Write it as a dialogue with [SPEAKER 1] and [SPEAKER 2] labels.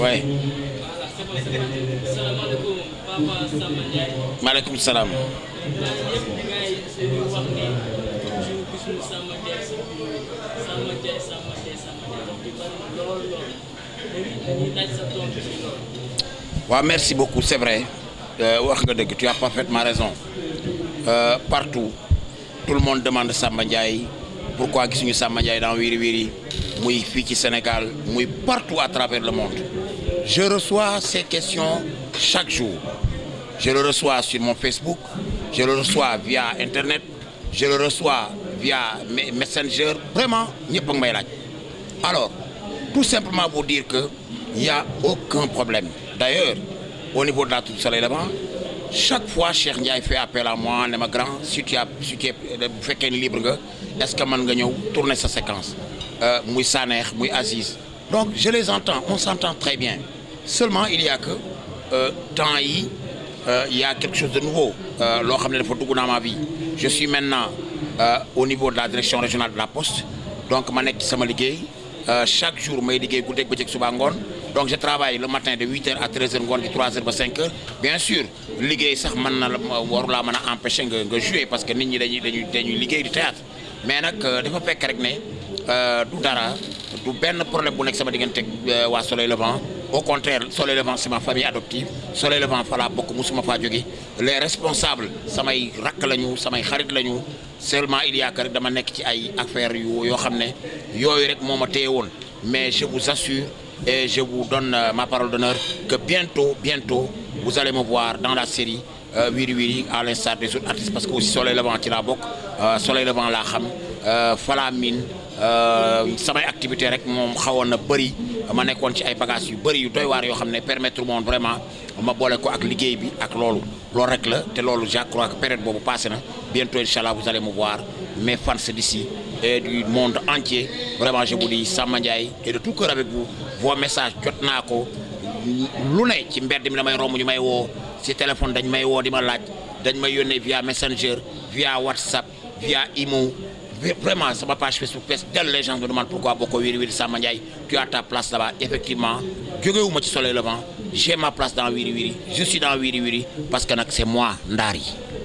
[SPEAKER 1] waaye. salaamaaleykum papa Samba Ndiaye. salaam. waaw merci beaucoup c'est vrai euh, wax nga dëgg tu as maraison raison euh, partout tout monde demande Samba Ndiaye pourquoi gisuñu Samba Ndiaye dans Wiri Wiri muy fii ci Sénégal muy partout à travers le monde je reçois ces questions chaque jour je le reçois sur mon Facebook je le reçois via internet je le reçois via Messenger vraiment ñëpp a ngi alors tout simplement pour dire que ya y a aucun problème d'ailleurs au niveau de la Tour du chaque fois Cheikh Ndiaye fait appel à moi ne ma grand si tu as si tu es bu fekkee ni libre nga est-ce que mën nga ñëw tourner sa séquence Euh, muy Sanex muy Aziz donc je les entends on s'entend très bien seulement il y a que euh, temps yi il euh, a quelque chose de nouveau loo xam ne dafa dugg naa ma vie je suis maintenant au niveau de la direction régionale de la poste donc ma nekk sama liggéey chaque jour may liggéey guddeeg bëccëg suba ngoon donc je travaille le matin de 8 heures à 13 heures ngoon gi 3 heures ba 5 heures bien sûr liggéey sax man na la waru laa mën a empêcher nga nga jouer parce que nit ñi dañuy dañuy dañuy liggéey du théâtre mais nag dafa rek ne Euh, du dara du benn problème bu nekk sama diggante euh, waa Soleil Levant au contraire Soleil Levant c'est ma famille adoptive Soleil Levant fa laa bokk musuma faa jóge les responsables samay rakk lañu samay xarit lañu seulement il y a rek dama nekk ci ay affaires yu yoo xam ne yooyu rek moo ma téye woon mais je vous assure et je vous donne euh, ma parole d'honneur que bientôt bientôt vous allez me voir dans la série Wiri Wiri à l'instar des autres parce que aussi Soleil Levant ci laa bokk Soleil laa xam Fala Mine Euh, samay activité rek moom xawoon na bëri ma nekkoon ci ay bagages yu bëri yu doy waar yoo xam ne permettre moom vraiment ma boole ko ak liggéey bi ak loolu loolu rek la te loolu je crois que période boobu passé na bientôt incha allah vous mu me voir mes fans d'ici et du monde entier vraiment je di dis Samba Ndiaye et de tout cœur avec vous vos jot naa ko lu ne ci mbedd mi damay romb ñu may woo si téléphone dañ may woo di ma laaj dañ may yónnee via messenger via whatsapp via imo vraiment sama page Facebook fees dell les gens me demandent pourquoi Boko Wiri Wiri Samba Ndiaye tu as ta place là-bas effectivement jógewu ma ci soleil levant j'ai ma place dans Wiri Wiri parce que nag c'est moi Ndar yi